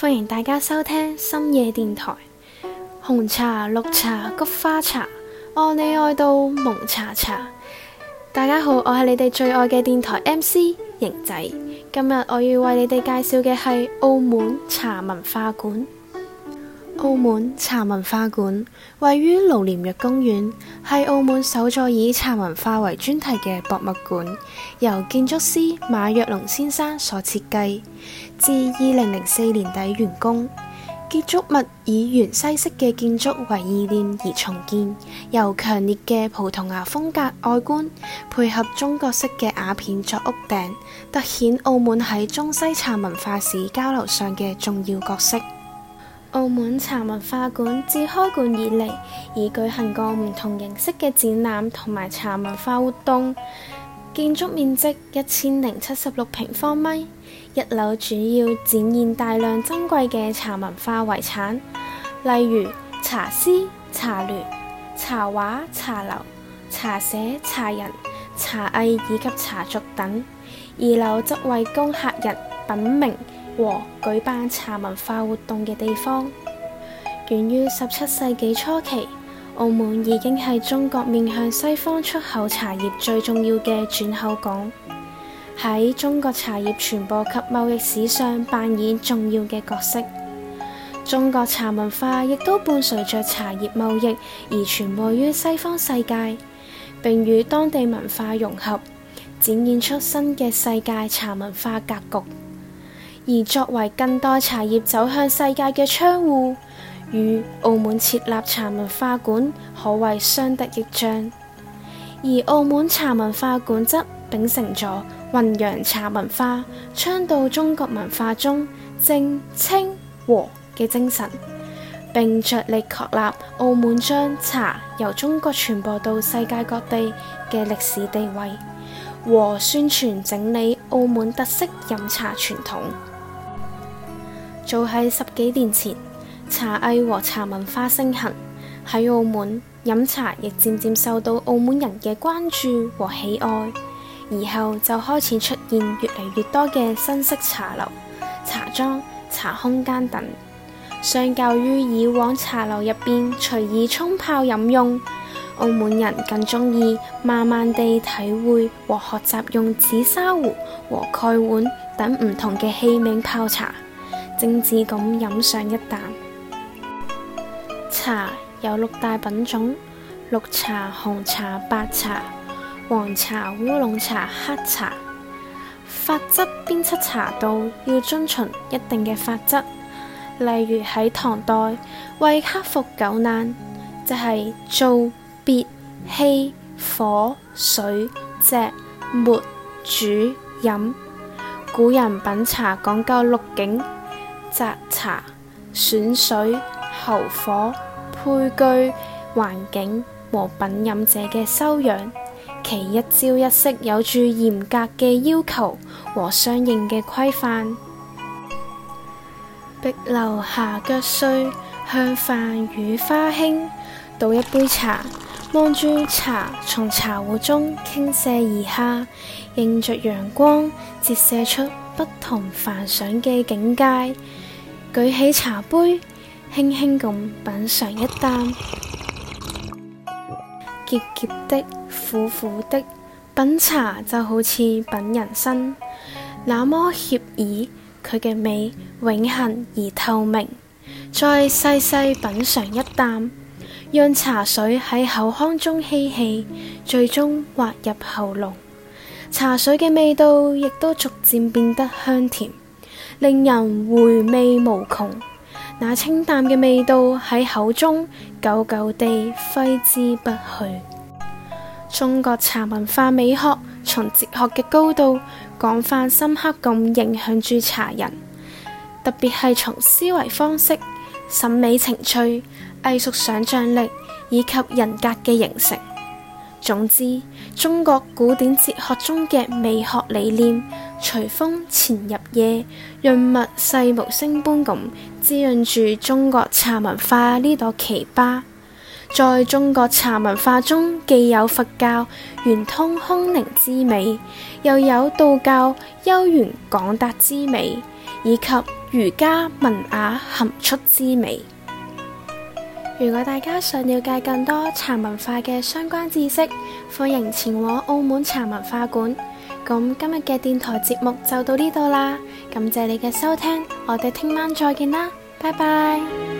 歡迎大家收聽深夜電台，紅茶、綠茶、菊花茶，愛、哦、你愛到蒙查查。大家好，我係你哋最愛嘅電台 MC 瑩仔。今日我要為你哋介紹嘅係澳門茶文化館。澳門茶文化館位於盧廉若公園。係澳門首座以茶文化為專題嘅博物館，由建築師馬若龍先生所設計，至二零零四年底完工。建築物以原西式嘅建築為意念而重建，由強烈嘅葡萄牙風格外觀配合中國式嘅瓦片作屋頂，凸顯澳門喺中西茶文化史交流上嘅重要角色。澳門茶文化館自開館以嚟，已舉行過唔同形式嘅展覽同埋茶文化活動。建築面積一千零七十六平方米，一樓主要展現大量珍貴嘅茶文化遺產，例如茶詩、茶聯、茶畫、茶樓、茶社、茶人、茶藝以及茶俗等。二樓則為供客人品茗。和舉辦茶文化活動嘅地方，源於十七世紀初期，澳門已經係中國面向西方出口茶葉最重要嘅轉口港，喺中國茶葉傳播及貿易史上扮演重要嘅角色。中國茶文化亦都伴隨着茶葉貿易而傳播於西方世界，並與當地文化融合，展現出新嘅世界茶文化格局。而作為更多茶葉走向世界嘅窗戶，與澳門設立茶文化館可謂相得益彰。而澳門茶文化館則秉承咗弘揚茶文化、倡導中國文化中正、清、和嘅精神，並着力確立澳門將茶由中國傳播到世界各地嘅歷史地位，和宣傳整理澳門特色飲茶傳統。早喺十幾年前，茶藝和茶文化盛行，喺澳門，飲茶，亦漸漸受到澳門人嘅關注和喜愛。然後就開始出現越嚟越多嘅新式茶樓、茶莊、茶空間等。相較於以往茶樓入邊隨意沖泡飲用，澳門人更鍾意慢慢地體會和學習用紫砂壺和蓋碗等唔同嘅器皿泡茶。靜止咁飲上一啖茶，有六大品種：綠茶、紅茶、白茶、黃茶、烏龍茶、黑茶。法則編輯，茶道要遵循一定嘅法則，例如喺唐代為克服九難，就係、是、造、別、器、火、水、炙、末、煮、飲。古人品茶講究六境。擇茶、選水、候火、配具、環境和品飲者嘅修養，其一招一式有住嚴格嘅要求和相應嘅規範。碧流下腳碎，向泛雨花輕，倒一杯茶，望住茶從茶壺中傾瀉而下，映着陽光，折射出不同凡想嘅境界。舉起茶杯，輕輕咁品嘗一啖，澀澀的、苦苦的。品茶就好似品人生，那麼愜意。佢嘅味永恆而透明。再細細品嘗一啖，讓茶水喺口腔中嬉戲，最終滑入喉嚨。茶水嘅味道亦都逐漸變得香甜。令人回味無窮，那清淡嘅味道喺口中久久地揮之不去。中國茶文化美學從哲學嘅高度，廣泛深刻咁影響住茶人，特別係從思維方式、審美情趣、藝術想象力以及人格嘅形成。總之，中國古典哲學中嘅美學理念隨風潛入夜，潤物細無聲般咁滋潤住中國茶文化呢朵奇葩。在中國茶文化中，既有佛教圓通空靈之美，又有道教幽遠廣達之美，以及儒家文雅含蓄之美。如果大家想了解更多茶文化嘅相關知識，歡迎前往澳門茶文化館。咁今日嘅電台節目就到呢度啦，感謝你嘅收聽，我哋聽晚再見啦，拜拜。